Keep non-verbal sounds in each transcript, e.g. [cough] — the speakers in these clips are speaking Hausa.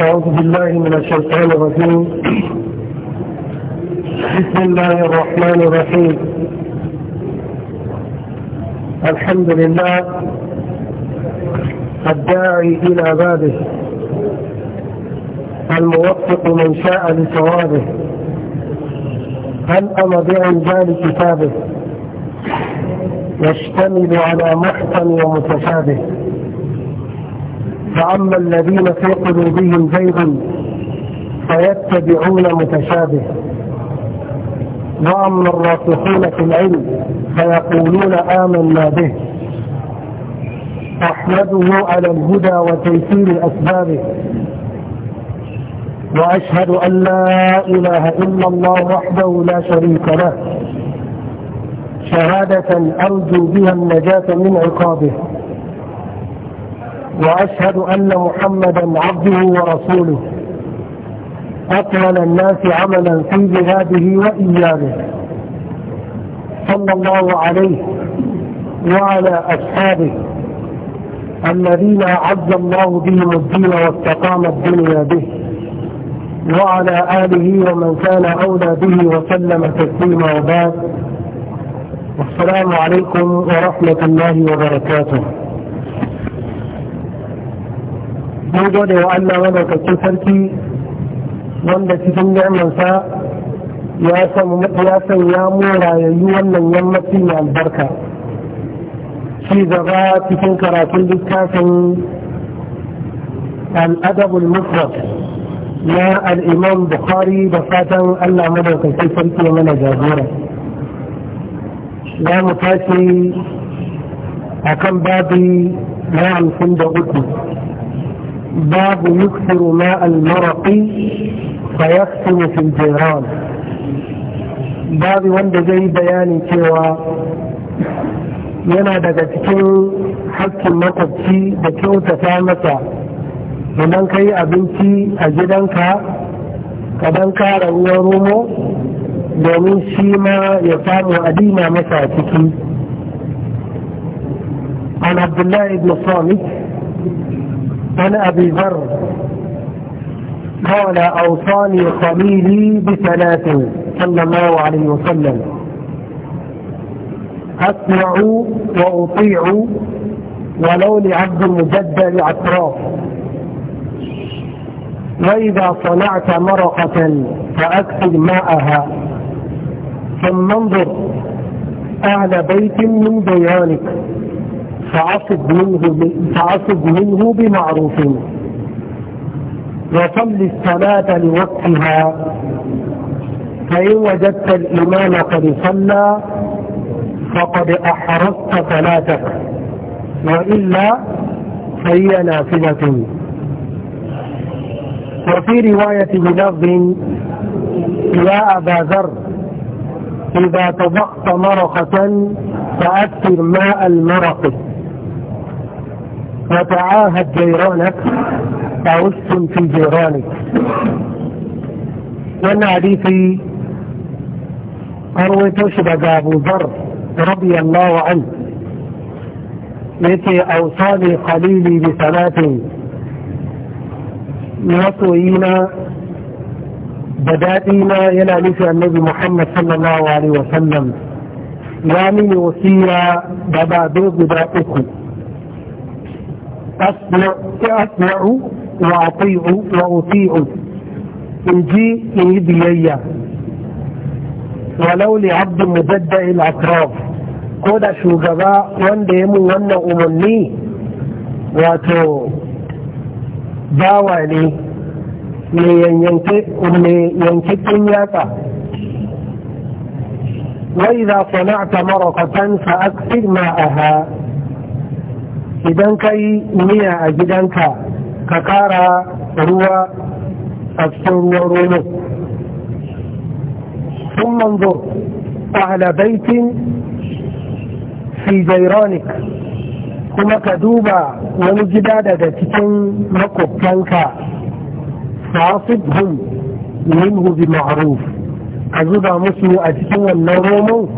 أعوذ بالله من الشيطان الرجيم بسم الله الرحمن الرحيم الحمد لله الداعي إلى بابه الموفق من شاء لصوابه هل أمضع ذلك كتابه يشتمل على محصن ومتشابه فأما الذين في قلوبهم زيغ فيتبعون متشابه وأما الراسخون في العلم فيقولون آمنا به أحمده على الهدى وتيسير أسبابه وأشهد أن لا إله إلا الله وحده لا شريك له شهادة أرجو بها النجاة من عقابه وأشهد أن محمدا عبده ورسوله أكمل الناس عملا في بلاده وإيامه صلى الله عليه وعلى أصحابه الذين أعز الله بهم الدين واستقام الدنيا به وعلى آله ومن كان أولى به وسلم تسليما وبارك السلام عليكم ورحمة الله وبركاته mun gode wa Allah madaukakin sarki wanda cikin girmansa ya san ya mura mu wannan yammaci mai albarka ci gaba cikin karatun littafin al'adabul mufrad na al'imam bukhari da fatan Allah madaukakin sarki mana jagora za mu tashi a kan babi na hamsin da uku babu yuksiru ma almaraƙi fa yaksiru fil jiran babu wanda zai bayani cewa yana daga cikin hakkin makwabci da kyautata masa idan ka yi abinci a gidanka ka don kara ruwan romo domin shi ma ya samu adina masa ciki an abdullahi ibn samit an abi zar قال أوصاني خليلي بثلاث صلى الله عليه وسلم أسمع وأطيع ولو لعبد المجدل أطراف وإذا صنعت مرقة فأكثر ماءها فلننظر أعلى بيت من ديانك فعصب منه, فعصب منه بمعروف وصل الصلاة لوقتها فإن وجدت الإمام قد صلى فقد أحرصت صلاتك وإلا فهي نافلة وفي رواية بلفظ يا أبا ذر إذا طبقت مرقة فأكثر ماء المرق وتعاهد جيرانك أو اسكن في جيرانك وأن حديثي أروي بقى أبو ذر رضي الله عنه لكي أوصاني قليلي بصلاة نصوينا بدائنا يلا نفي النبي محمد صلى الله عليه وسلم يامين وسيرا بابا دوز بدائكو أسمع أسمع وأطيع وأطيع إنجي إيديا ولو لعبد مبدع الأطراف كودا شو وان ديمو وان أمني واتو باواني mai yankakken وإذا صنعت مرقة فأكثر ماءها إذا كي مياء جدا ككارا روى أكثر ورونه ثم انظر أعلى بيت في جيرانك كما كدوبا ونجداد دتكن مقبتنك خاطبهم منه بمعروف عزبا مسلو أجسوا النرومو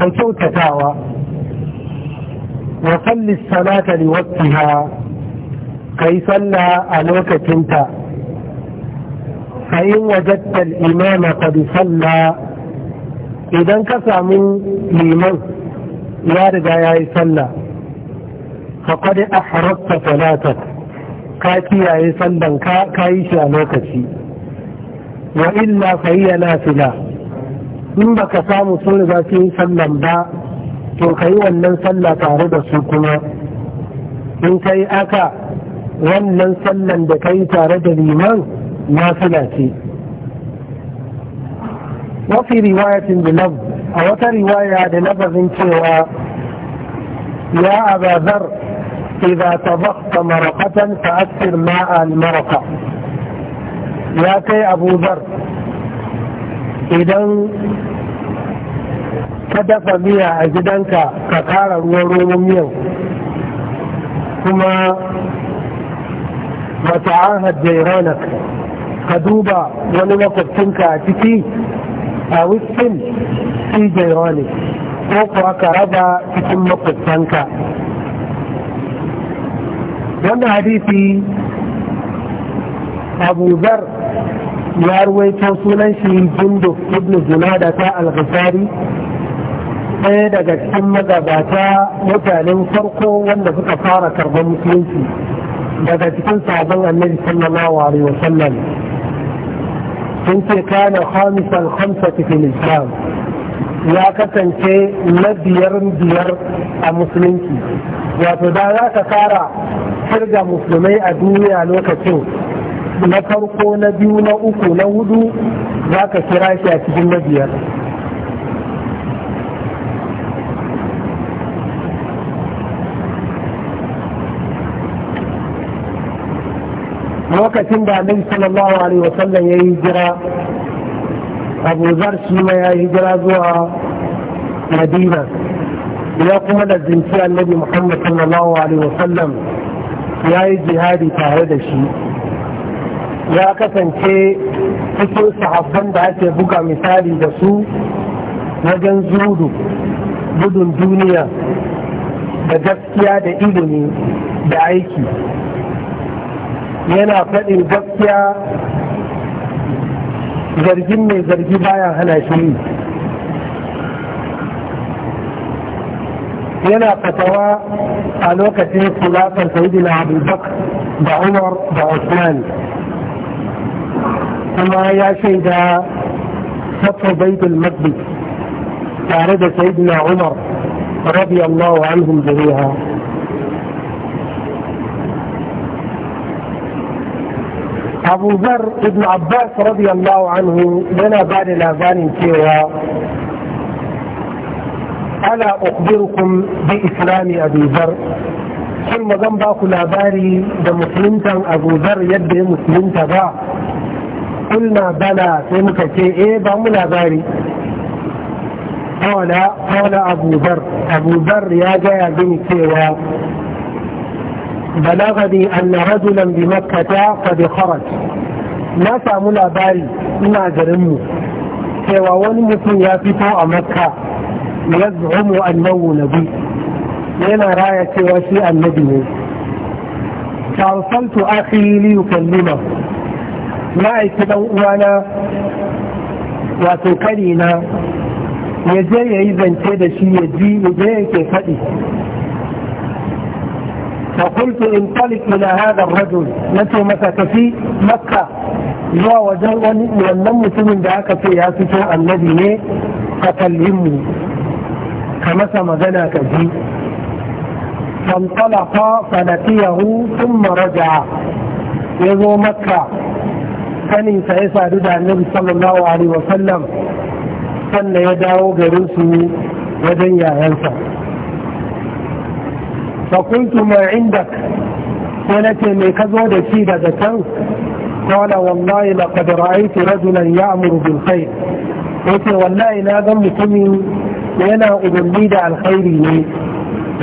أجو تتاوى وصل الصلاة لوقتها كي صلى ألوك تنتا فإن وجدت الإمام قد صلى إذا انكسموا لمن يارد يا صلى فقد أحرقت صلاتك ka kiyaye sallan ka ka yi shi a lokaci wa illa fa na fila, in baka samu sun riga su yi sallan ba to ka yi wannan sallah tare da su kuma in ka yi aka wannan sallan da ka yi tare da liman fila ce wafi riwayatin bilab a wata riwaya da lafazin cewa ya abazar إذا طبخت مرقة فأكثر ماء المرقة يا كي أبو ذر إذن كدف بها أجدنك ككارا ورون ميو ثم متعاهد جيرانك قدوبا ونوقف تنك أتكي أو السن في جيرانك وقرك ربا تتم قد تنك wannan hadisi abu ya ruwaito sunan shi jinduk ibn da ta al-ghazari ɗaya daga cikin magabata mutanen farko wanda suka fara karɓar musulunci daga cikin sabon annabi sallallahu alaihi wa sallam sun ce kana khamisan khamsati fil islam ya kasance na biyar biyar a musulunci wato da za ka fara kirga musulmai a duniya lokacin na farko na biyu na uku na hudu za ka kira shi a cikin na biyar lokacin da annabi sallallahu alaihi wasallam ya yi jira abu zar shi ma ya yi jira zuwa madina ya kuma da zinci annabi muhammad sallallahu alaihi wasallam ya yi jihadi tare da shi ya kasance cikin sahabban da ake buga misali da su wajen zudu gudun duniya da gaskiya da ilimi da aiki yana faɗin gaskiya zargin mai zargi bayan hana shi yana fatawa a lokacin khilafar sayyidina abubakar da umar da osman kuma ya shaida fatwa baitul maqdis tare da saidi na umar radiyallahu anhum jami'a abu zar ibn abbas radiyallahu anhu yana ba da labarin cewa ana ukbirukum bi islami abu zar kin zan ba ku labari da musuluntan abu yadda ya musulunta ba kulna bala sai muka ce eh ba mu labari kola kola ya gaya bin cewa balagadi anna rajulan bi makkata fa bi kharaj na samu labari ina garin mu cewa wani mutum ya fito a makka يزعم أنه نبي لأن راية وشيء النبي فأرسلت أخي ليكلمه ما يتدوءنا وتكرنا يجي إذا انتدى شيء يجي يجيك فدي فقلت انطلق إلى هذا الرجل نتو مكة في مكة يوى وجل من النمس من ذاك في ياسسه الذي فكلمني ka masa magana ka ji fantalafa fadafi yahu sun maraja ya zo makka saninsa ya sadu da annabi sallallahu alaihi wasallam sannan ya dawo garin su wajen yayansa fakuntu mai inda ko nake mai ka zo da shi daga can قال والله لقد رأيت رجلا يأمر بالخير قلت والله لا ذنب yana umarni da alkhairi ne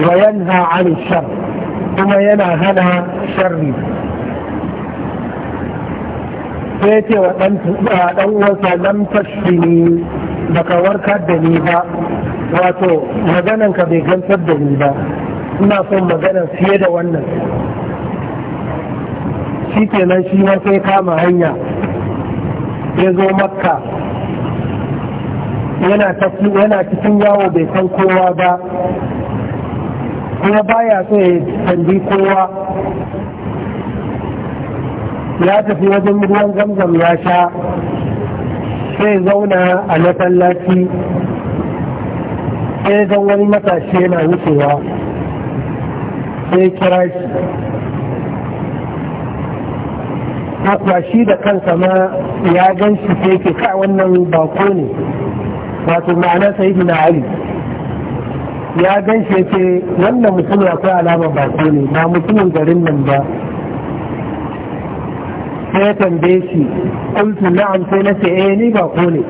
wa yanha an shar kuma yana hana sharri sai ce wa ɗan uwansa lam tashfini baka warkar da ni ba wato maganan ka bai gantar da ni ba ina son magana fiye da wannan shi kenan shi ma sai kama hanya ya zo makka yana yana cikin yawo bai san kowa ba kuma baya so ya tambi kowa ya tafi wajen ruwan zamzam ya sha sai zauna a matsalaki sai zan wani matashi yana wucewa sai kira shi akwashi da kansa ma ya gan shi sai ke ka wannan bako ne wato ma'ana na ali ya gan shi yake wannan mutumin akwai alamar bako ne ba mutumin garin nan ba sai ya tambaye shi ƙultu na'am sai na ce eh ni bako ne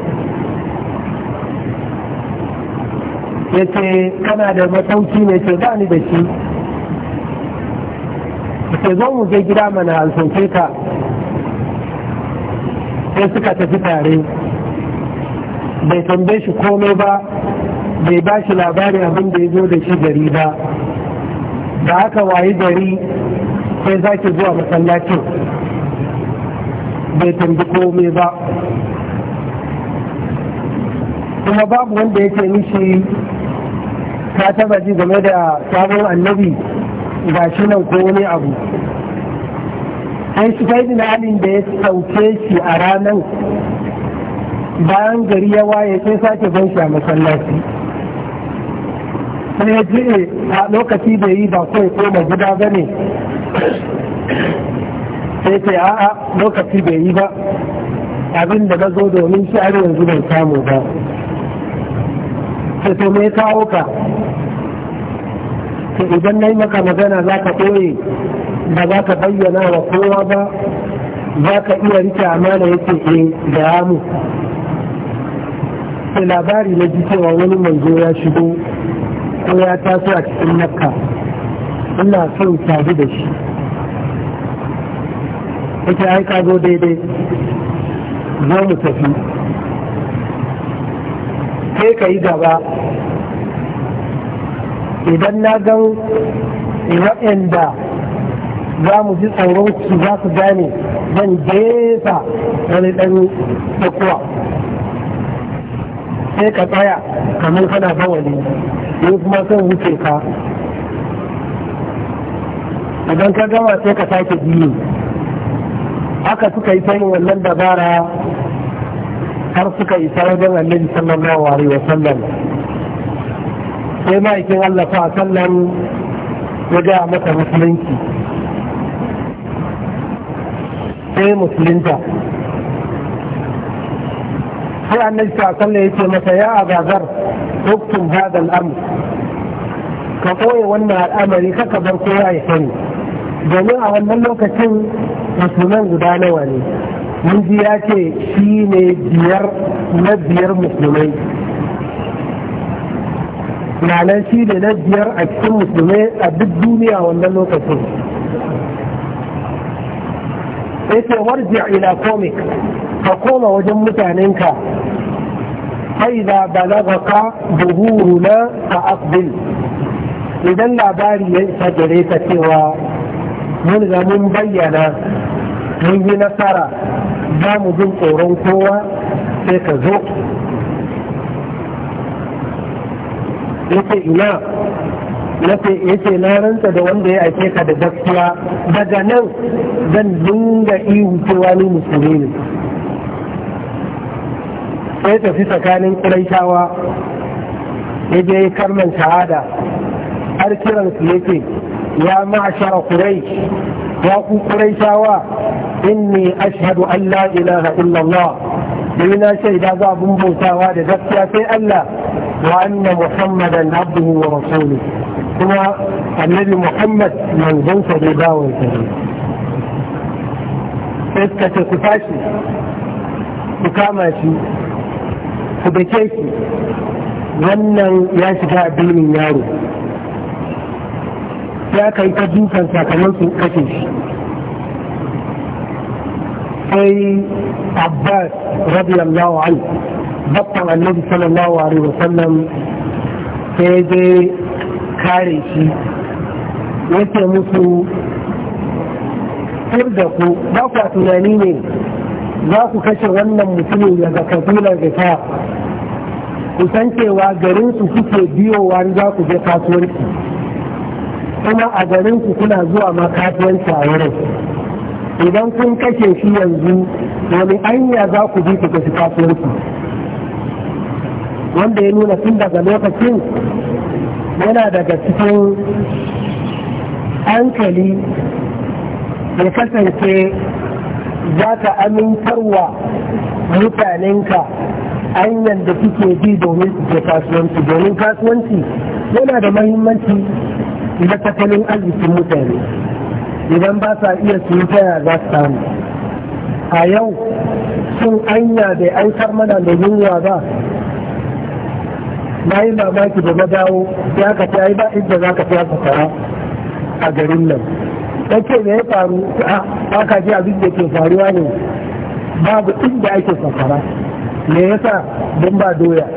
ya ce kana da matauki ne ce ba ni da shi ce zo mu je gida mana an ka sai suka tafi tare bai tambaye shi komai ba bai ba shi labari abin da ya zo da shi gari ba da haka wayi gari sai zaki zuwa masallacin bai tambi komai ba kuma babu wanda ya ce mishi ka taba ji game da sabon annabi ga shi nan ko wani abu an shi kai da ya sauke shi a ranar bayan gari ya waye sai sake ban shi a masallaci sai ya ji eh, a lokaci da yi ba kawai koma gida ba ne sai ce a'a lokaci bai yi ba abin da na zo domin shi har yanzu bai samu ba sai to mai kawo ka to idan na yi maka magana za ka ɓoye ba za ka bayyana wa kowa ba za ka iya rike amana yake ke eh, da mu da labari na ji cewa wani manzo ya shigo ko ya taso a cikin makka ina son sadu da shi ita ai ka zo daidai zo mu tafi sai ka yi gaba idan na gan waɗanda za mu ji tsoron su za su gane zan jesa wani ɗan tsakuwa sai ka tsaya kamar kana bawali ne kuma son wuce ka idan ka gama sai ka sake biyu haka suka yi sanin wannan dabara har suka isa wajen annabi sallallahu alaihi wa sallam sai ma'aikin Allah fa sallam ya ga mata musulunci sai musulunta جاء ان صلى الله عليه وسلم أبا ذر اكتم هذا الأمر كقوية وانا الأمر فكبر قوية حين جميعا وانا لك تن مسلمان قدانا واني من دياتي شيني ديار ما ديار مسلمين معنى شيني ديار اكتم مسلمين ابد دوني وانا لك تن ايتي وارجع الى كوميك فقوم وجمتها ننكا فإذا بلغك ظهورنا فأقبل idan labari ya isa gare ka mun ga mun bayyana mun yi nasara za mu jin tsoron kowa sai ka zo yace ina yace na rantsa da wanda ya aike ka da gaskiya daga nan zan dinga ihu cewa ni musulmi ne sai tafi tsakanin ƙuraishawa ya je kalman shahada har kiransu yake ya ma'ashara quraish ya ku quraishawa inni ashhadu an la ilaha illallah ni na shaida ba abun bautawa da gaskiya sai Allah wa anna muhammadan abduhu wa rasuluhu kuma annabi muhammad manzon sa da bawon sa ne sai ku tashi ku kama shi ku dake ki wannan ya shiga addinin yaro ya kai ta dukan sakamakon kashe shi sai abbas radiyallahu an babban annabi sallallahu alaihi sannan sai dai kare shi yake musu da ku ba ku tunani ne za ku kashe wannan mutumin daga zaka da ta ku san cewa garin su kuke biyowa za ku je kasuwanci kuma a garin ku kuna zuwa ma kasuwanci a wurin idan kun kashe shi yanzu wani anya za ku bi ku tafi kasuwanci wanda ya nuna tun daga lokacin yana daga cikin hankali ya kasance za ka amintarwa mutanenka hanyar da suke bi domin su kasuwanci domin kasuwanci yana da mahimmanci na tattalin arzikin mutane idan ba sa iya su taya za su samu a yau sun anya da an mana da yunwa ba na yi mamaki da na dawo ya ka fi ba inda za ka ta fasara a garin nan ɗauke da ya faru ah, a ka ji abin da ke faruwa ne babu inda ake fasara me yasa don ba doya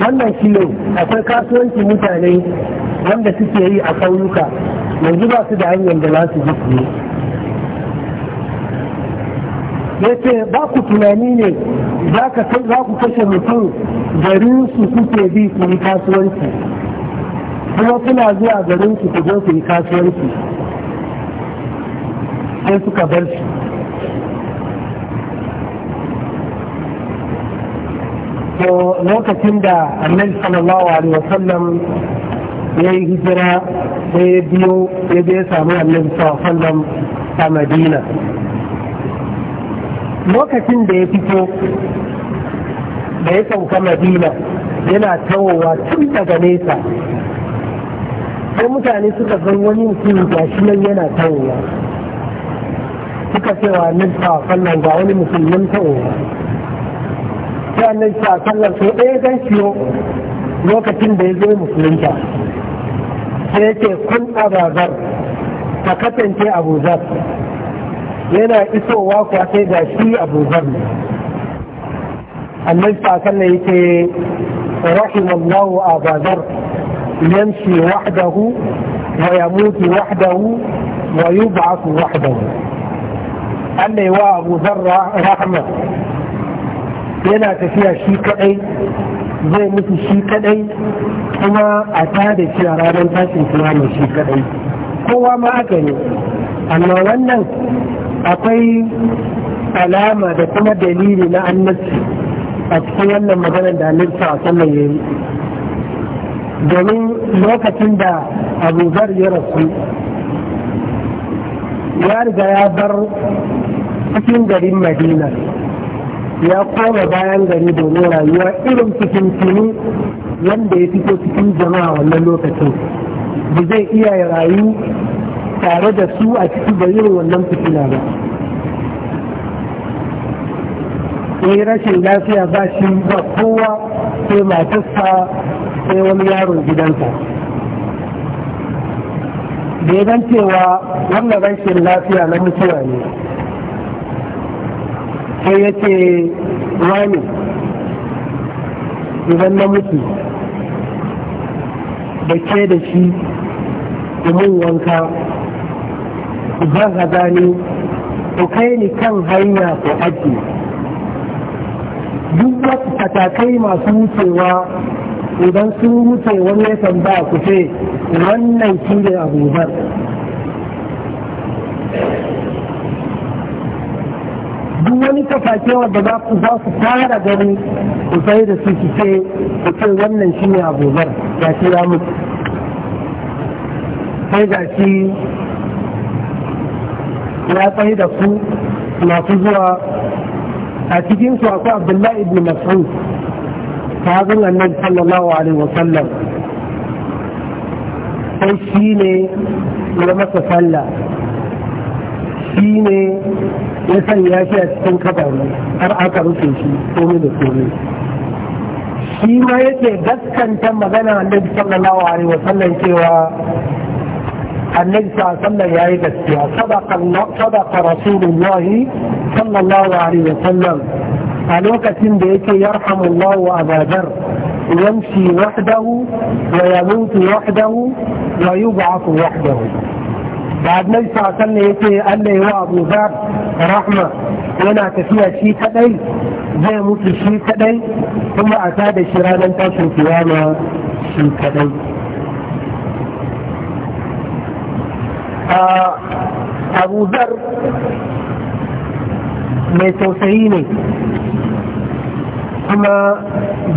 wannan kilo akwai kasuwanci mutane wanda suke yi a ƙauyuka yanzu ba su da hanyar da za su ji ya ce ba ku tunani ne za ku kashe mutum garin su kuke bi ku yi kasuwanci kuma suna zuwa garin su ku zo ku yi kasuwanci sai suka bar shi wato lokacin da annabi sallallahu alaihi wasallam ya yi hijira sai ya biyo ya je samu annabi sallallahu alaihi wasallam a madina lokacin da ya fito da ya sauka madina yana tawowa tun daga nesa sai mutane suka san wani mutum shi nan yana tawowa suka cewa annabi sallallahu alaihi wasallam ga wani musulmin tawowa sai annabi sallallahu alaihi wasallam sai ɗaya dan siyo lokacin da ya zo musulunta sai yake kun abazar ka kasance abuzar yana isowa kuwa sai ga shi abuzar ne annabi sallallahu alaihi yake rahimallahu abazar yamshi wahdahu wa yamutu wahdahu wa yub'athu wahdahu Allah ya wa Abu Dharr rahmah yana tafiya shi kadai zai mutu shi kadai kuma a tada shi a ranar tashin kiyama shi kadai kowa ma aka ne amma wannan akwai alama da kuma dalili na annabci a cikin wannan maganar da annabci a sallan yayi domin lokacin da abubuwar ya rasu ya riga ya bar cikin garin madina ya koma bayan gari domin rayuwa irin cikin tuni wanda ya fito cikin jama'a wannan lokacin ba zai iya rayu tare da su a cikin da irin wannan fitina ba yi rashin lafiya ba shi ba kowa sai matarsa sai wani yaron gidansa da ya cewa wannan rashin lafiya na mutuwa ne sai ya ce wani idan na mutu da ke da shi mun wanka zan haza ni ku kai ni kan hanya ko aji duk wasu katakai masu wucewa idan sun wuce wani ya tambaya ku ce wannan shi ne abubakar duk wani kafake wanda za su za su fara gani ku sai da su ce ku ce wannan shi ne abubuwar ya ce ya mutu sai ga shi ya tsaye da su masu zuwa a cikin su akwai abdullahi ibn mas'ud sahabin annabi sallallahu alaihi wa sallam sai shi ne ya masa sallah shi ne ya sanya shi a cikin kabari har aka rufe shi komai da komai shi ma yake gaskanta magana annabi sallallahu alaihi wa sallam cewa annabi sallallahu alaihi yayi gaskiya sadaqa sadaqa rasulullah sallallahu alaihi wa sallam a lokacin da yake yarhamullahu abadar yamshi wahdahu wa yamutu wahdahu wa yub'athu wahdahu ba annabi sallallahu ne yake Allah ya wa Abu Dhar rahma yana tafiya shi kadai zai mutu shi kadai kuma a ta da shi ranar tashin kiyama shi kadai Abu mai tausayi ne kuma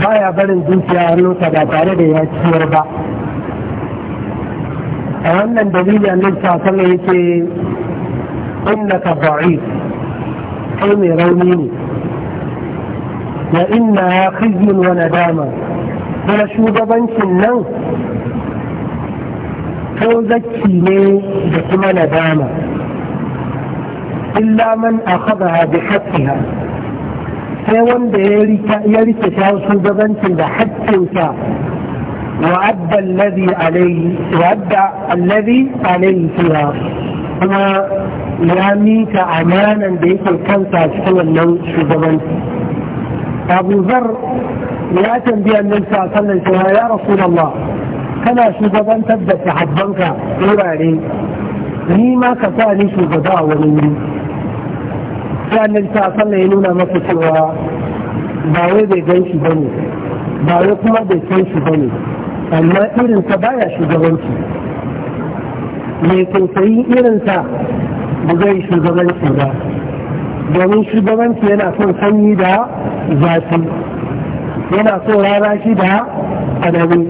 baya barin zuciya hannunsa ba tare da ya ciyar ba a wannan dalili annabi sallallahu alaihi yake innaka da'if kai mai rauni ne wa inna khizyun wa nadama kuma shugabancin nan ko zaki ne da kuma nadama illa man akhadha bi haqqiha sai wanda ya rike shugabancin da haƙƙinsa وأدى الذي عليه وأدى الذي عليه فيها هو يعنيك أمانا بيت الكنسة سوى لو في الزمن أبو ذر يأتن بي أن ننسى صلى الله يا رسول الله كما شبابا تبدأ في حبانك إيرا لي ما كفاني شبابا ومني فأن ننسى صلى الله إنونا ما تسوى باوي بي جنش بني باوي كما بي جنش بني amma irinsa baya shugabanci mai tausayin irinsa ba zai shugabanci ba domin shugabanci yana son sanyi da zafi yana son rara shi da tsanani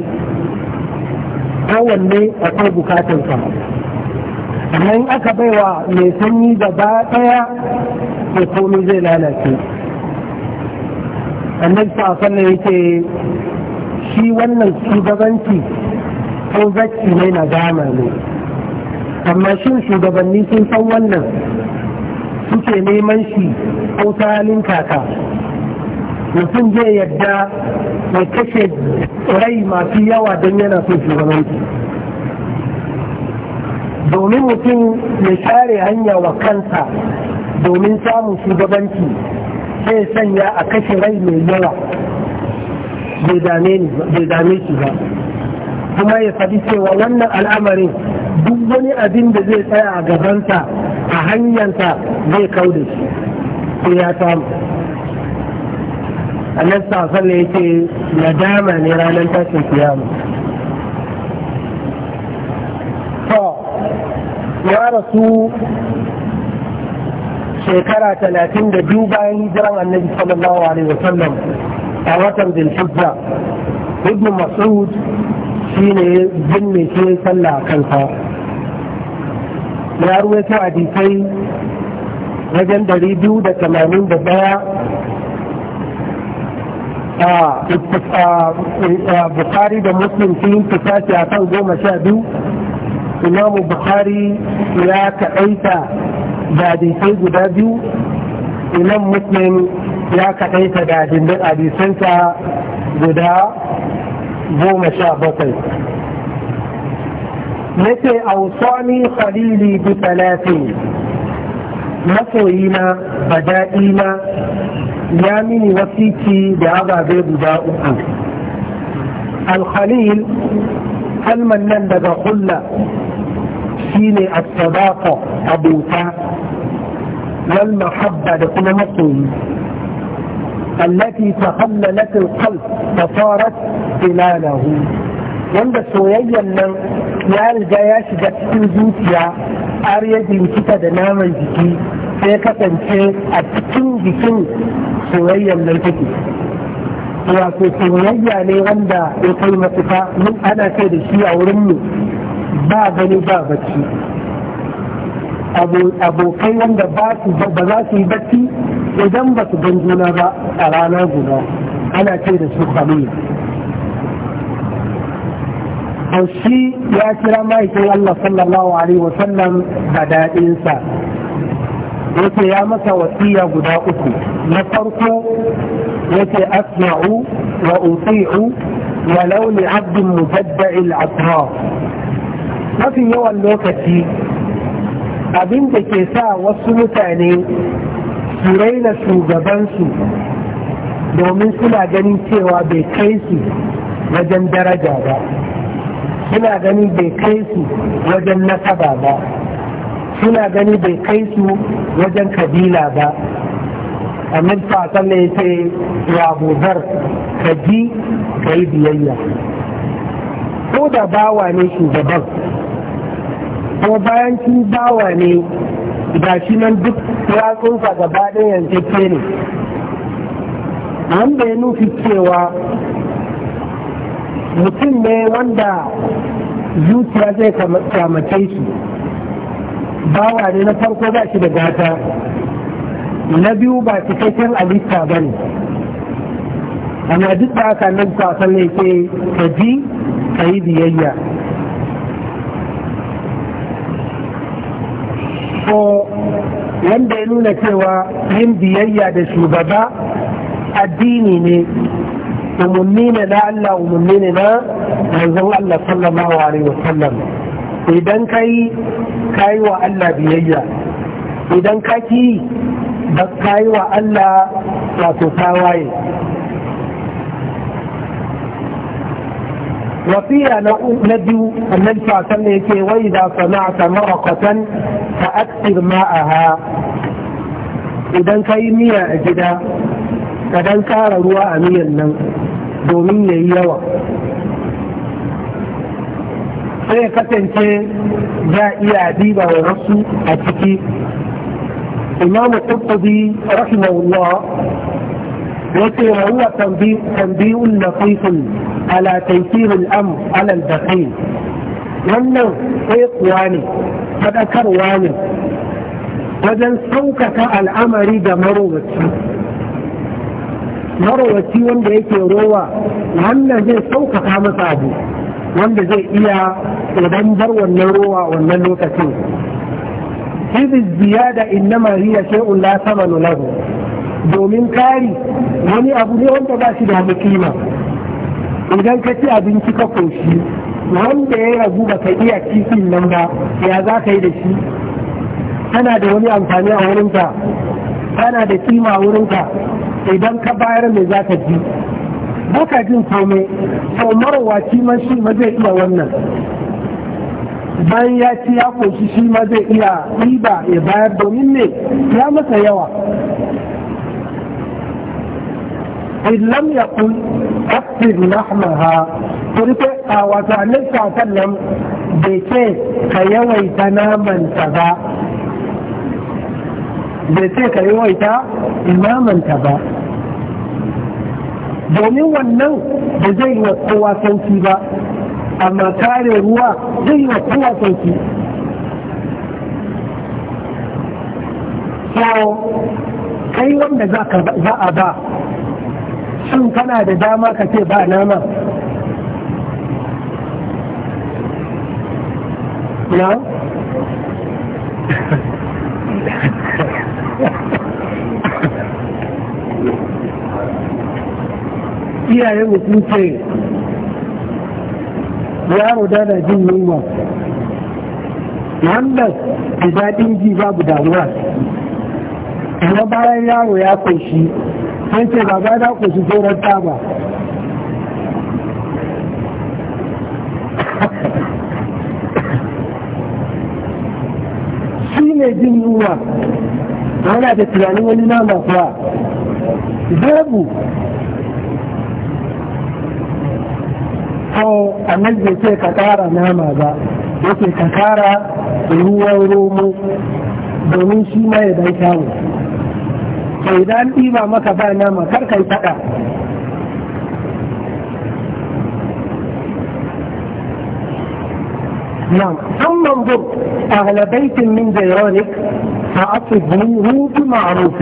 kowanne akwai bukatansa amma in aka baiwa mai sanyi gaba daya da komai zai lalace annabi sa sallan yake shi wannan shugabanci ko zacci ne na zamani amma shin shugabanni sun san wannan suke neman shi ko salin kaka mutum zai yadda mai kashe rai masu yawa don yana son shugabanci domin mutum ya share hanya wa kansa domin samun shugabanci sai sanya a kashe rai mai yawa bai dame shi ba kuma ya faɗi cewa wannan al'amarin duk wani abin da zai tsaya a gabansa a hanyarsa zai kau da shi ko ya samu annan safon ne yake dama ne ranar tashin kiyama to ya rasu shekara talatin da biyu bayan hijiran annabi sallallahu alaihi wasallam اواتم دين حجة ابن مسعود سيني بن ميتي صلى كنفا يا رويتو عديثي وجن دريبيو دا تمامين ببايا آه، آه، آه، بخاري دا مسلم فين تساسي عطان دوما شابيو امام بخاري لا تعيث بعديثي قدابيو امام مسلم ya kaɗaita da dindin hadisansa guda goma sha bakwai nake ausani khalili bi talatin masoyina badaɗina ya mini wasiki da ababe guda uku alkhalil kalman nan daga kulla shine as-sadaqa abuta wal mahabba da kuma masoyi التي تخللت القلب فصارت خلاله wanda soyayyen nan ya riga ya shiga cikin zuciya har ya jinkita da naman jiki sai kasance a cikin jikin soyayyan nan take wato soyayya ne wanda ya kai matuka mun ana kai da shi a wurin mu ba gani ba bacci abokai wanda ba za su yi bacci idan ba su gan juna ba a rana guda ana ce da su khalil shi ya kira ma'aikin Allah sallallahu alaihi wa sallam da daɗinsa yace ya masa wasiya guda uku na farko yace asma'u wa uti'u walau launi 'abdin mujadda'il asrar mafi yawan lokaci abin da ke sa wasu mutane su raina shugabansu domin suna ganin cewa bai kai su wajen daraja ba suna gani bai kai su wajen nasaba ba suna gani bai kai su wajen kabila ba annan fatan ne ce ya abuzar ka ji ka yi biyayya ko da bawa ne shugaban ko bayan kin bawa ne ga shi nan duk yatsunsa gaba ɗaya yankakke ne an da ya nufi cewa mutum ne wanda zuciya zai kamace shi bawa ne na farko ba shi da gata na biyu ba cikakken alista ba ne amma duk da aka nan kwasan ne ke ka ji ka yi biyayya farko wanda ya nuna cewa yin biyayya da shugaba addini ne umarni ne na Allah umarni ne na manzon Allah sallallahu alaihi wasallam idan kai kai wa Allah biyayya idan ka ki ba kai wa Allah wato tawaye وفيها نجو النبي صلى الله عليه وسلم وإذا صنعت مرقة فأكثر ماءها إذا كي مية أجدا إذا كار رواء مية لن دومية يوى sai kasance za iya diba wa wasu a ciki imamu qurtubi rahimahullah yace wa huwa tanbihun nafifun ala taifirin am alal bakai wannan kuwa ne faɗakarwa ne wajen saukaka al'amari da marowaci marowaci wanda yake rowa wannan zai saukaka masa abu wanda zai iya idan bar wannan rowa wannan lokacin biya da inna Mariya shay'un la samanu lahu domin kari wani abu ne wanda ba shi da kima idan ka ci abinci ka koshi wanda ya ragu ba ka iya cikin nan ba ya za ka yi da shi tana da wani amfani a wurinka tana da kima a wurinka idan ka bayar mai za ka ji baka jin komai sau marowaci ma shi ma zai iya wannan bayan ya ci ya koshi shi ma zai iya riba ya bayar domin ne ya masa yawa illam yaqul akfir lahmaha to rufe a wato annabi sallallahu nan bai ce ka yawaita namanta ba bai ce ka yawaita imamanta ba domin wannan da zai yi wa kowa sauki ba amma kare ruwa zai yi wa kowa sauki so kai wanda za a ba shin kana da dama ka ce ba nama na iyayen mutum ce yaro da jin yunwa wannan da daɗin ji babu damuwa amma bayan yaro ya ƙunshi. an ce baba ku ƙoshi sauran taba shi ne jin yunwa ana da tunani wani nama kuwa babu kawo annan zai ce ka kara nama ba yake ka kara ruwan romo domin shi ma ya dan kyawu bai da an ɗiba maka ba nama kar kai a نعم ثم انظر أهل بيت من a فأطلب منه بمعروف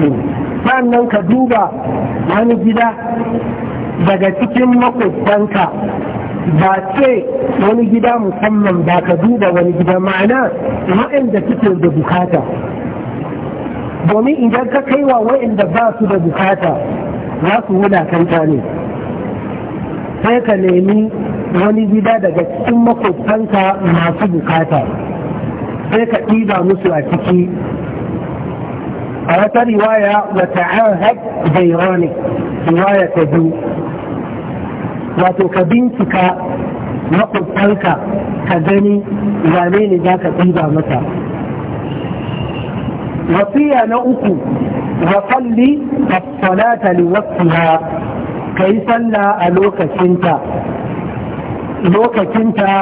sannan ka duba wani gida daga cikin makwabtanka ba ce wani gida musamman ba ka duba wani gida ma'ana waɗanda suke da bukata domin in ka kai wa wa'inda ba su da bukata za su wulakanta ne sai ka nemi wani gida daga cikin makwabtanka masu bukata sai ka ɗiba musu a ciki a wata riwaya wata ahad bayrani riwaya ta biyu wato ka bincika makwabtanka ka gani wane ne za ka ɗiba mata وصية نأكو وصلي الصلاة لوقتها كي صلى الوكا سنتا ألوك سنتا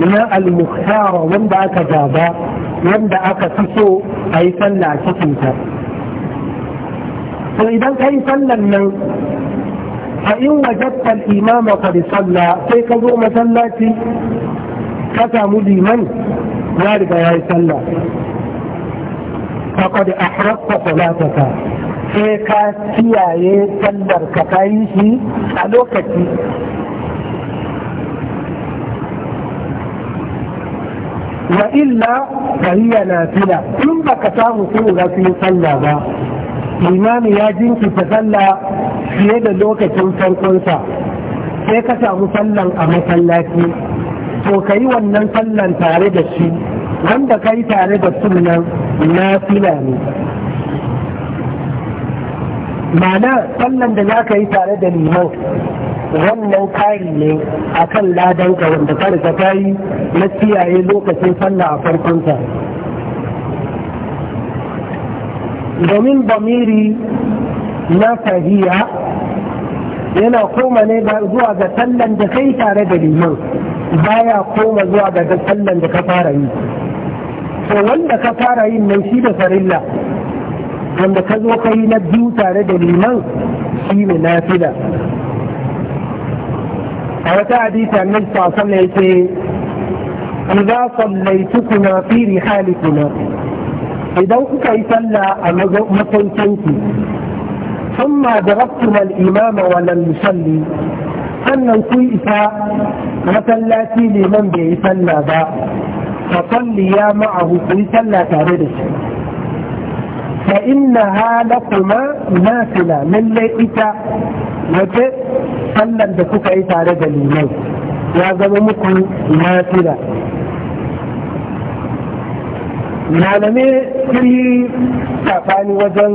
من المختار وانبا كذابا وانبا كتسو أي صلى سنتا فإذا كي صلى من فإن وجدت الإمام قد صلى كيف ذو مسلاتي كتا مليما وارد يا صلى a ahratta salataka sai ka kiyaye sallar ka yi shi a lokaci wa illa fa na fila in baka samu sai ga su sallah ba imami ya jinkirta sallah fiye da lokacin farkonsa sai ka samu sallan a masallaci to ka yi wannan sallan tare da shi wanda ka yi tare da sunan nafila ne ma'ana sallan da za ka yi tare da liman wannan kari ne a kan ladanka wanda karka ta yi na kiyaye lokacin sallah a farkonsa domin bamiri na sahiya yana koma ne zuwa ga sallan da kai tare da liman baya koma zuwa ga sallan da ka fara yi wanda ka fara yin nan shi da farilla wanda ka zo ka yi na biyu tare da liman shi ne nafila a wata hadisa nan sasan ya ce idza sallaytukuna fi rihalikuna idan kuka yi sallah a masaukanki ثم دربتم wa ولم يصلي sannan ku isa masallaci liman bai yi sallah ba fasalli ya ma'ahu ku yi sallah tare da shi fa inna halakuma nafila lallai ita wace sallar da kuka yi tare da limai ya zama muku nafila malamai sun yi safani wajen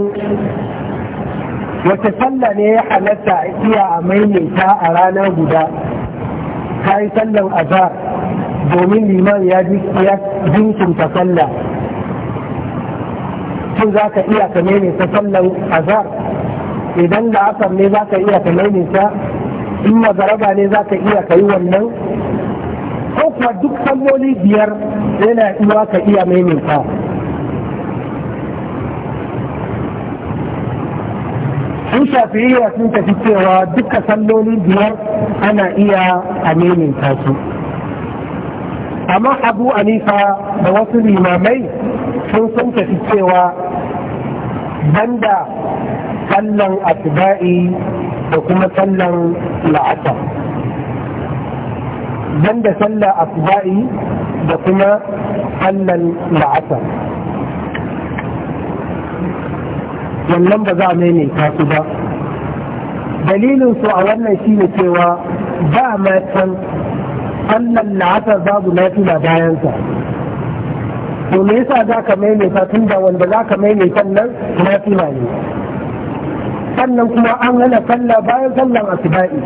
wata sallah ne ya halatta iya a maimaita a rana guda ta yi sallan azhar domin liman ya jinkinta sallah tun za ka iya ka ta sallan azhar idan da asar ne za ka iya ka ta in magaraba ne za ka iya ka yi wannan ko duk salloli biyar yana iya ka iya maimaita sun iya sun tafi cewa duka salloli biyar ana iya a maimaita su amma abu anifa da wasu limamai sun sun tafi cewa banda sallan Asubai da kuma sallan la'asar banda sallan Asubai da kuma sallan la'asar wannan ba za a maimaita su ba dalilinsu a wannan shi ne cewa ba a matan annan la'asar babu na nafila bayansa to me yasa za ka maimaita tun da wanda za ka maimaita nan na nafila ne sannan kuma an hana sallah bayan sallan asuba'i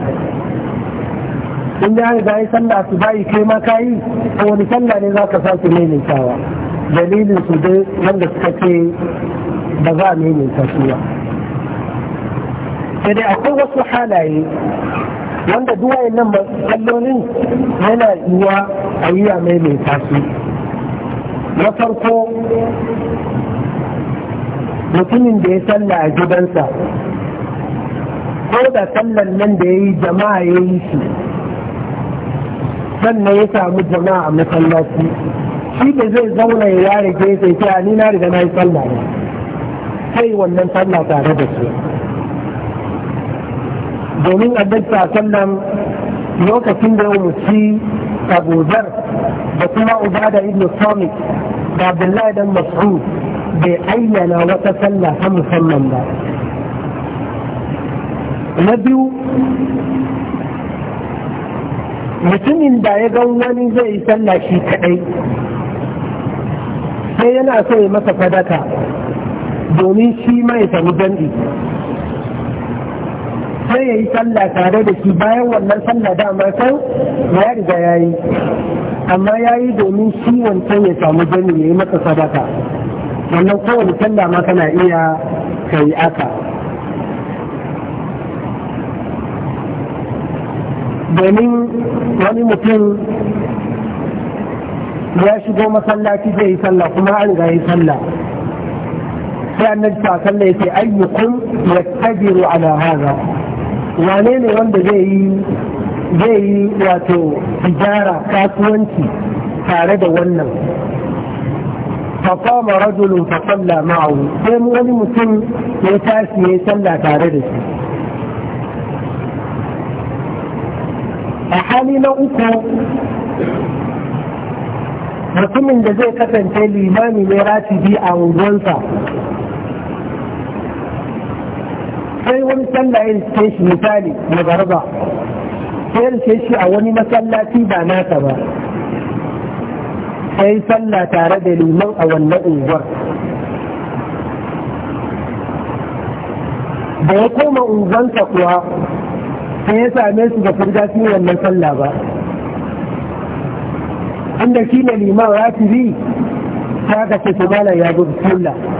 in ya yi yi sallah asuba'i kai ma ka yi a wani sallah ne za ka sa sake maimaitawa dalilin su dai wanda suka ce ba za a maimaita su ba sai dai akwai wasu halaye wanda duwayen nan matsalolin yana yiwa a yi mai mai su na farko mutumin da ya salla a gidansa ko da sallan nan da ya yi jama'a ya yi shi sannan ya samu jama'a a masallaci shi da zai zauna ya yare gefe ta ni na riga na yi sallah ne sai wannan sallah tare da su domin annabta sannan lokacin da ya umarci abu zar da kuma ubada ibn samit da abdullahi dan Mas'u bai ayyana wata sallah ta musamman ba na biyu mutumin da ya ga wani zai yi sallah shi kadai sai yana so ya masa sadaka domin shi mai samu jam'i sai ya yi sallah tare da shi bayan wannan sallah dama kan ya riga ya yi amma ya yi domin shi wancan ya samu jami ya yi masa sadaka wannan kowane sallah ma kana iya kai aka domin wani mutum ya shigo masallaci zai yi sallah kuma an ga yi sallah sai annabi sallallahu alaihi wasallam ayyukum ala hadha wane ne wanda zai yi zai yi wato tijara kasuwanci tare da wannan فقام رجل فصلى معه sai wani mutum ya tashi ya yi sallah tare da shi a hali na uku mutumin da zai kasance limami ne ratibi a unguwansa Sai wani sallah ya ce shi misali magarba sai ya ce shi a wani masallaci ba nasa ba sai sallah tare da liman a wannan unguwar da ya koma unguwansa kuwa sai ya same su da furga su wannan sallah ba inda shi ne liman rafi ta ga ce ya gudu sallah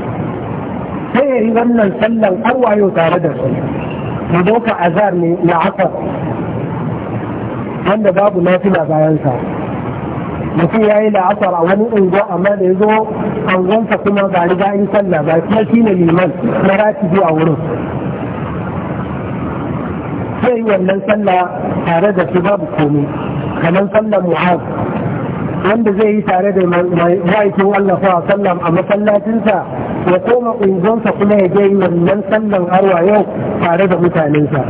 sai ya yi wannan sallan har wayo tare da su mu doka azar ne na asar wanda babu nafila bayansa mutum ya yi la'asar a wani unguwa amma da ya zo angonsa kuma ba riga in sallah ba kuma shi ne liman na ratibi a wurin sai wannan sallah tare da su babu komai kamar sallar mu'az wanda zai yi tare da ma'aikin Allah sallam a masallacinsa ya koma unguwansa kuma ya je wannan sallan arwa yau tare da mutanensa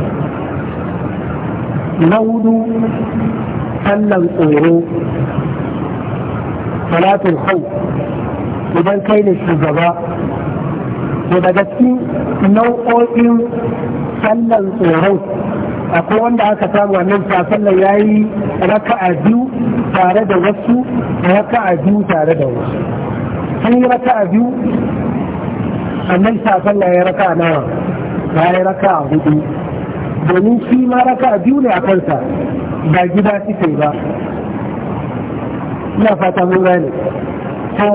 na hudu sallan tsoro salatul hau idan kai ne shugaba da daga cikin nau'o'in sallan tsoro akwai wanda aka samu a wannan sallan ya yi raka'a biyu tare da wasu raka'a biyu tare da wasu sun yi raka'a biyu annan kafin na ya raka nawa na ya raka hudu domin shi ma raka biyu ne a kansa ba gida suke ba ina fata mun gane to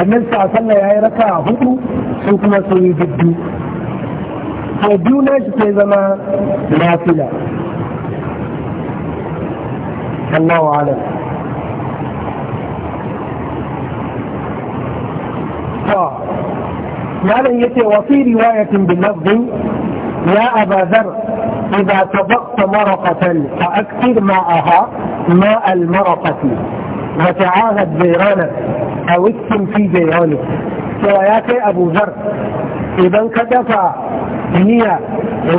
annan kafin na ya yi raka hudu sun kuma sun yi bibbi to biyu na shi ke zama nafila Allah wa'alam يعني يتي وفي رواية باللفظ يا أبا ذر إذا طبقت مرقة فأكثر ماءها ماء المرقة وتعاهد جيرانك أو اكتم في جيرانك فياتي أبو ذر إذا كدفع نية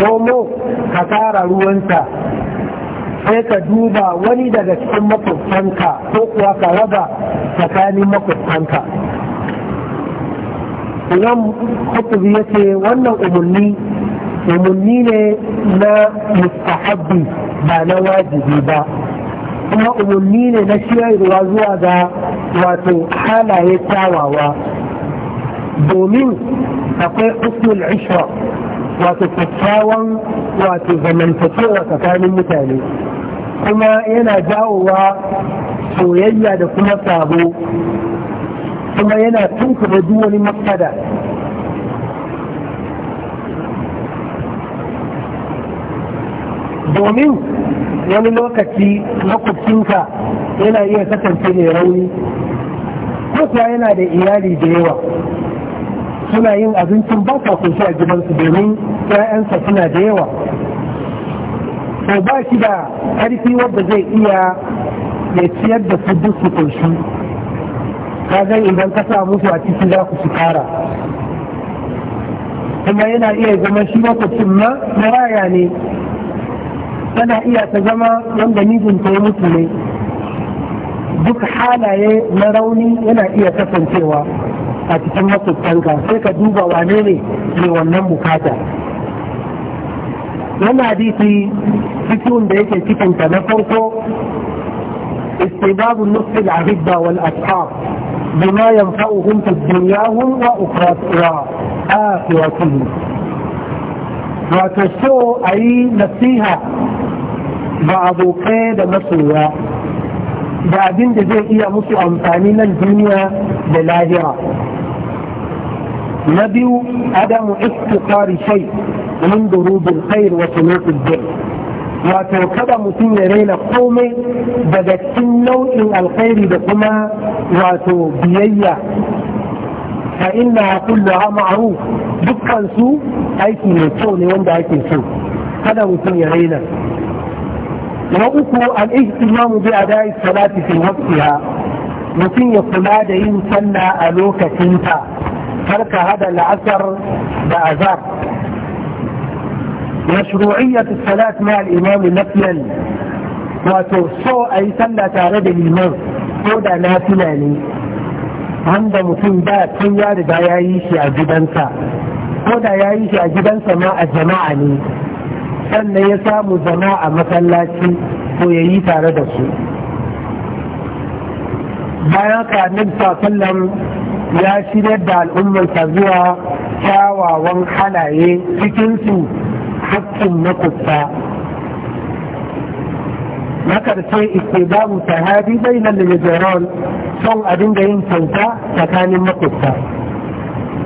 رومو كتار روانتا فيك دوبا ولدك ثم تبطنك فوق وكربا فكان مكتبطنك imam kutubi ya ce wannan umarni umarni ne na mustahabbi ba na wajibi ba kuma umarni ne na shirarwa zuwa ga wato halaye kyawawa domin akwai usul ishra wato kyakkyawan wato zamantakewa tsakanin mutane kuma yana jawowa soyayya da kuma sabo kuma yana tunkuba duk wani makada domin wani lokaci makwabcinka yana iya kasance mai rauni ko kuwa yana da iyali da yawa suna yin abincin ba sa kunshi a gidansu domin 'ya'yansa suna da yawa to ba shi da ƙarfi wadda zai iya ya ciyar da su duk su kunshi ka zan idan ka sa musu a ciki za ku su kara kuma yana iya zama shi makwacin na maraya ne tana iya ta zama wanda mijinta ya mutu ne duk halaye na rauni yana iya kasancewa a cikin makwabtanka sai ka duba wane ne mai wannan bukata wannan hadisi cikin da yake cikinta na farko istibabun nufil ahibba wal بما ينفعهم في الدنيا هم وآخرتهم وكسو أي نسيها بعض قيد نفسيا بعدين تزيد هي مصر أمثالنا الدنيا للآهرة نبي أدم إفتقار شيء من ضروب الخير وسنوك الدنيا wato kada mutum ya raina komai daga cikin nau'in alkhairi da kuma wato biyayya fa inna kulluha ma'ruf dukkan su aiki mai kyau ne wanda ake so kada mutum ya raina na uku al-ihtimamu bi ada'i salati fi waqtiha mutum ya kula da yin sallah a lokacinta kar ka hada la'asar da azar مشروعية الصلاة مع الإمام نفلا وترسو أي سلة تارد الإمام قد نافلاني عند مطين با تنوار دا يعيش أجبانسا قد يعيش أجبانسا مع ما أجمعني سن يسام الجماعة مثلا ويهي تارد السوء بياك النبي صلى الله عليه وسلم يا شرد الأمة الكبيرة شاوى وانحلى إيه. في كل كنسو haƙƙin makwabta na karshe istibabu tahadi bainal lijaran son a dinga yin kyauta tsakanin makwabta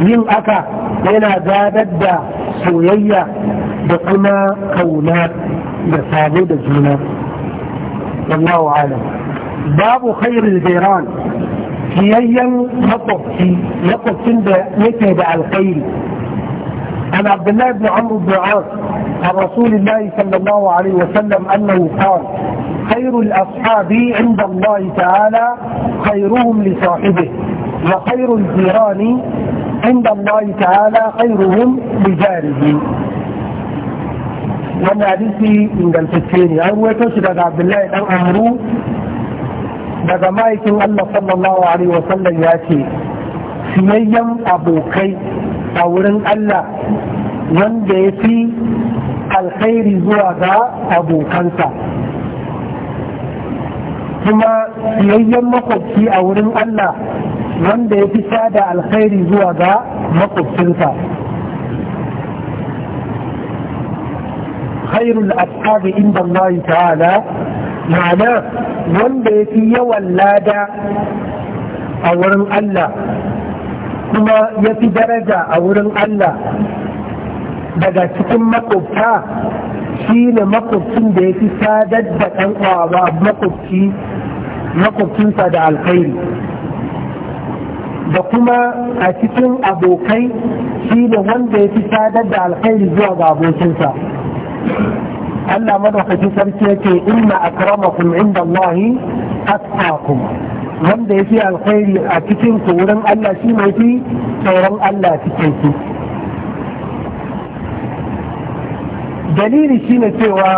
yin aka yana gadar da soyayya da kuma kauna da sabo da juna wallahu alam babu khairul jiran fiyayyen makwabci makwabcin da yake da alkhairi عن عبد الله بن عمرو بن العاص عن رسول الله صلى الله عليه وسلم أنه قال خير الأصحاب عند الله تعالى خيرهم لصاحبه وخير الجيران عند الله تعالى خيرهم لجاره وانا حديثي من الفتين عن يعني ويتوش عبد الله بن عمرو دقى مايكن الله صلى الله عليه وسلم ياتي ابو كي a wurin Allah wanda ya fi alkhairi zuwa ga abokansa kuma siyayyen makwabci a wurin Allah wanda ya fi sada alkhairi zuwa ga makwabcinsa khairul ashabi inda Allah ta'ala ma'ana wanda ya fi yawan lada a wurin Allah kuma ya fi daraja a wurin Allah daga cikin makwabta shi ne makwabcin da ya fi sadar da ɗan makwabci makwabcinsa da alkhairi da kuma a cikin abokai shi ne wanda ya fi sadar da alkhairi zuwa ga abokinsa Allah madaukakin sarki yake inna akramakum inda Allahi wanda ya fi alkhairi a cikin ku Allah shi mai fi tsoron Allah cikin ku dalili shine cewa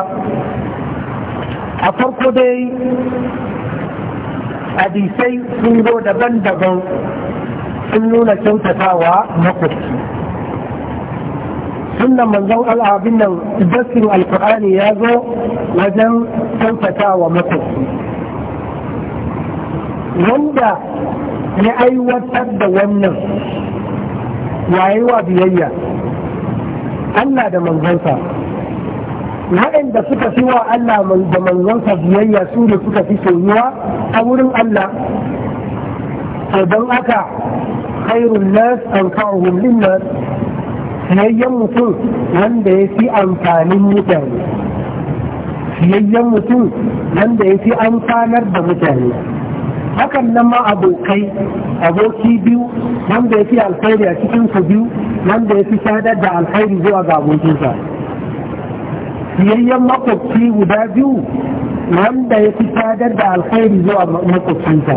a farko dai hadisai sun zo daban-daban sun nuna kyautatawa makwabci sunan manzon al'abin nan basirin alkur'ani ya zo wajen kyautatawa makwabci wanda ya aiwatar da wannan yayi wa biyayya Allah da manzansa waɗanda suka fi wa Allah da manzansa biyayya su suka fi soyuwa a wurin Allah to don aka khairun nas an ka'uhum linnas siyayyen mutum wanda ya fi amfanin mutane siyayyen mutum wanda ya fi amfanar da mutane hakan nan ma abokai aboki biyu wanda ya fi alkhairi a cikin ku biyu wanda ya fi sadar da alkhairi zuwa ga abokinsa siyayyen makwabci guda biyu wanda ya fi sadar da alkhairi zuwa makwabcinsa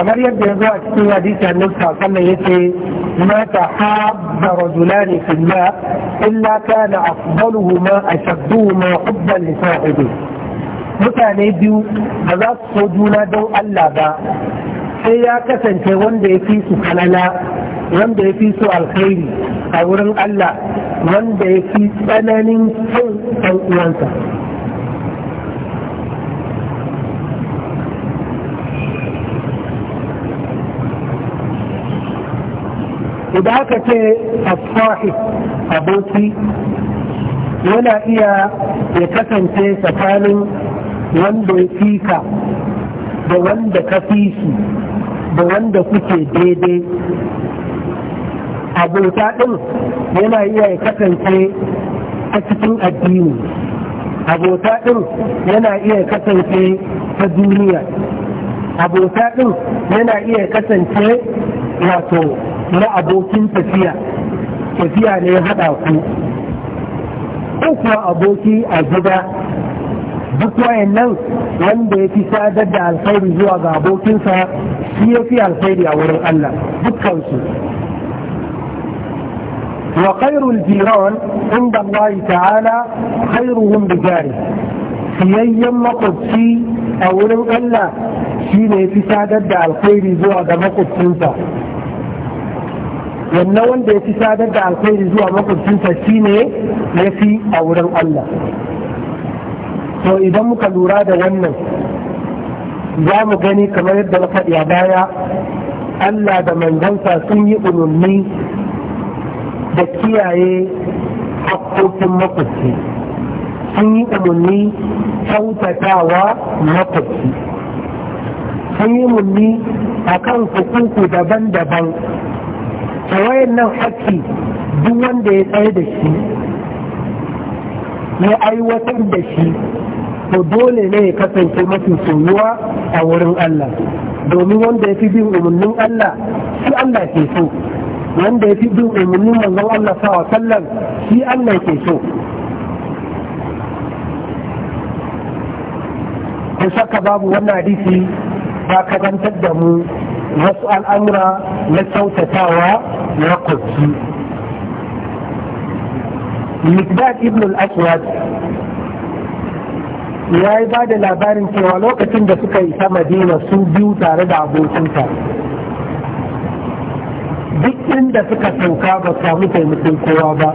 kamar yadda ya zo a cikin hadisi annabi sallallahu mata ma tahabba rajulani fillah illa kana afdaluhuma ashadduhuma hubban li sahibi mutane biyu ba za su so juna don Allah ba sai ya kasance wanda ya fi su kalala wanda ya fi su alkhairi a wurin Allah wanda ya fi tsananin son ɗan uwansa idan aka ce asfahi aboki yana iya ya kasance tsakanin wanda ya ka da wanda ka fi shi da wanda kuke daidai abota ɗin yana iya ya kasance ta cikin addini abota ɗin yana iya ya kasance ta duniya abota ɗin yana iya ya kasance wato na abokin tafiya tafiya ne ya haɗa ku kuwa aboki a gida duk wayannan wanda ya fi sadar da alkhairi zuwa ga abokinsa shi ya fi alkhairi a wurin Allah dukkansu wa khairul jiran inda Allah ta'ala khairuhum bi jari siyayyen makwabci a wurin Allah shi ne ya fi sadar da alkhairi zuwa ga makwabcinsa wannan wanda ya fi sadar da alkhairi zuwa makwabcinsa ne ya fi a wurin Allah to idan muka lura da wannan za mu gani kamar yadda na faɗi a baya Allah da manzansa sun yi umarni da kiyaye haƙƙoƙin makwabci sun yi umarni kyautatawa makwabci sun yi umarni a kan hukunku daban-daban a wayan nan haƙƙi duk wanda ya tsaye da shi ya aiwatar da shi to dole ne ya kasance mafi soyuwa a wurin Allah domin wanda ya fi bin umarnin Allah shi Allah ke so wanda ya fi bin umarnin manzon Allah sawa sallan shi Allah ke so ku saka babu wannan hadisi ba karantar da mu wasu al'amura na kyautatawa na kwaki mikdad ibn al-aswad ya yi ba da labarin cewa lokacin da suka isa madina su biyu tare da abokinta duk inda suka sauka ba samu taimakon kowa ba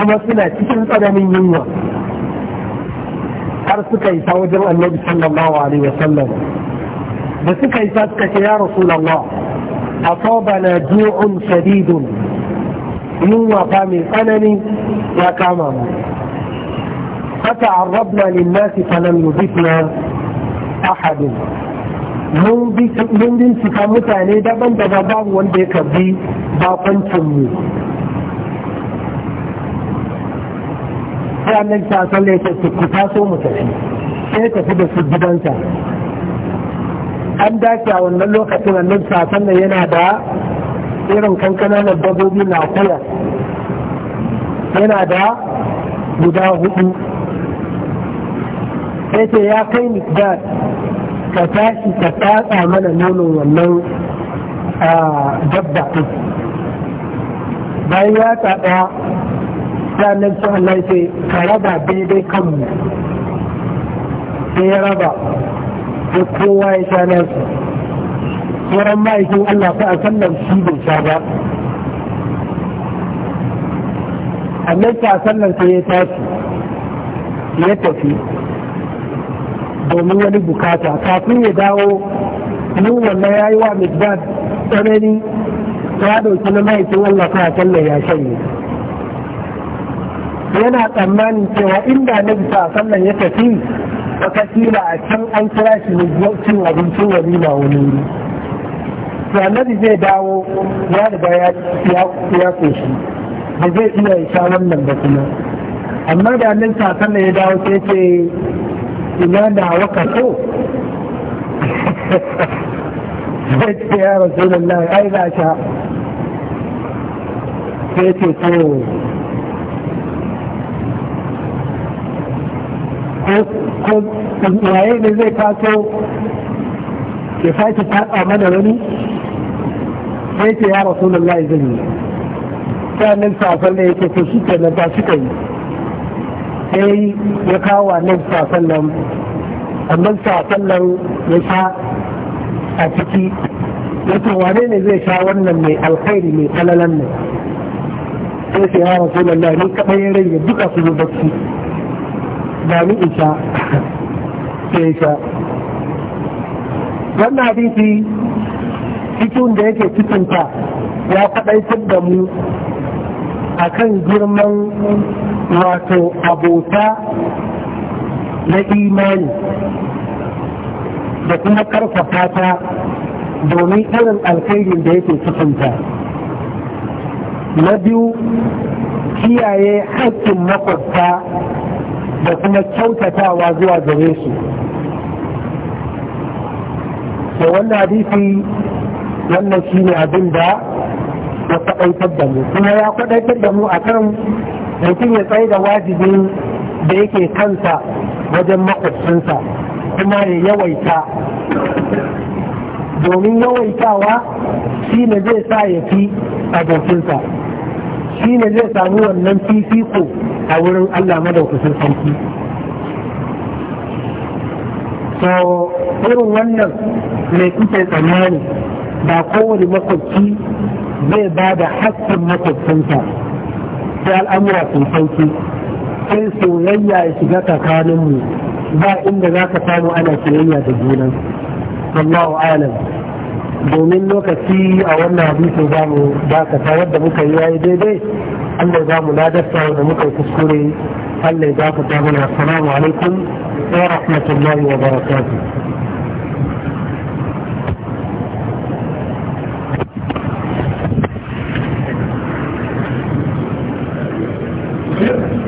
kuma suna cikin tsananin yunwa har suka isa wajen annabi sallallahu alaihi sallam. da suka isa suka ce ya rasulallah asabana ju'un shadidun yunwa fa mai tsanani ya kama mu فتعرضنا للناس فلم يضفنا أحد mun bincika mutane daban daban babu wanda ya karbi bakoncinmu sai annabi ta sallah ya ce ku taso mu tafi sai tafi da su gidansa an dace a wannan lokacin annabi sasan nan yana da irin na dabbobi na kuya yana da guda hudu sai ce ya kai mikdad ka tashi ka tsatsa mana nonon wannan dabba ɗin bayan ya tsada ya nan su ka raba daidai kanmu sai ya raba da kowa ya sha nasu sauran ma'aikin Allah fa a sallar shi bai sha ba annan ta sallar sai ya tashi ya tafi domin wani bukata kafin ya dawo yin wannan ya yi wa mizbad tsanani ya ɗauki na ma'aikin Allah fa a sallar ya shanye yana tsammanin cewa inda na bisa sallar ya tafi ba a can an kira shi ne cin abincin ma wani ne. to annabi zai dawo ya riga ya koshi da zai iya ya sha wannan ba kuma amma da annabi sasan ya dawo sai ce ina da waka so Zai [laughs] ce ya rasu da nan ai za sha sai ce ko waye ne zai taso ya sake taɓa mana wani sai ce ya rasu lallai zai yi sai nan safar da yake to shi ke nan ta shi yi sai ya kawo nan safar nan amma safar nan ya sha a ciki ya wane ne zai sha wannan mai alkhairi mai kalalan nan sai ce ya rasu lallai ni kaɗai ya duka su yi bacci ba mu ke isa sha wannan hadisi cikin da yake cikinta ya faɗaitar da mu akan girman wato abota na imani da kuma karfafa ta domin irin alkhairin da yake cikinta na biyu kiyaye haƙƙin makwabta da kuma kyautatawa zuwa gare su da wannan hadisi wannan shi ne abin da ya kwaɗaitar da mu kuma ya kwaɗaitar da mu akan mutum ya tsaye da wajibin da yake kansa wajen makwabcinsa kuma ya yawaita domin yawaitawa shi ne zai sa ya fi abokinsa shi ne zai sami wannan fifiko a wurin Allah madaukakin sarki so irin wannan mai kuke tsammani ba kowane makwabci zai ba da haƙƙin makwabcinsa sai al'amura sun sauki sai soyayya ya shiga tsakaninmu ba inda za ka samu ana soyayya da juna Allahu alam domin lokaci a wannan hadisin ba mu dakata da muka yi yayi daidai الله يبقى ملادفة ومكا يتسكري الله يبقى السلام عليكم ورحمة الله وبركاته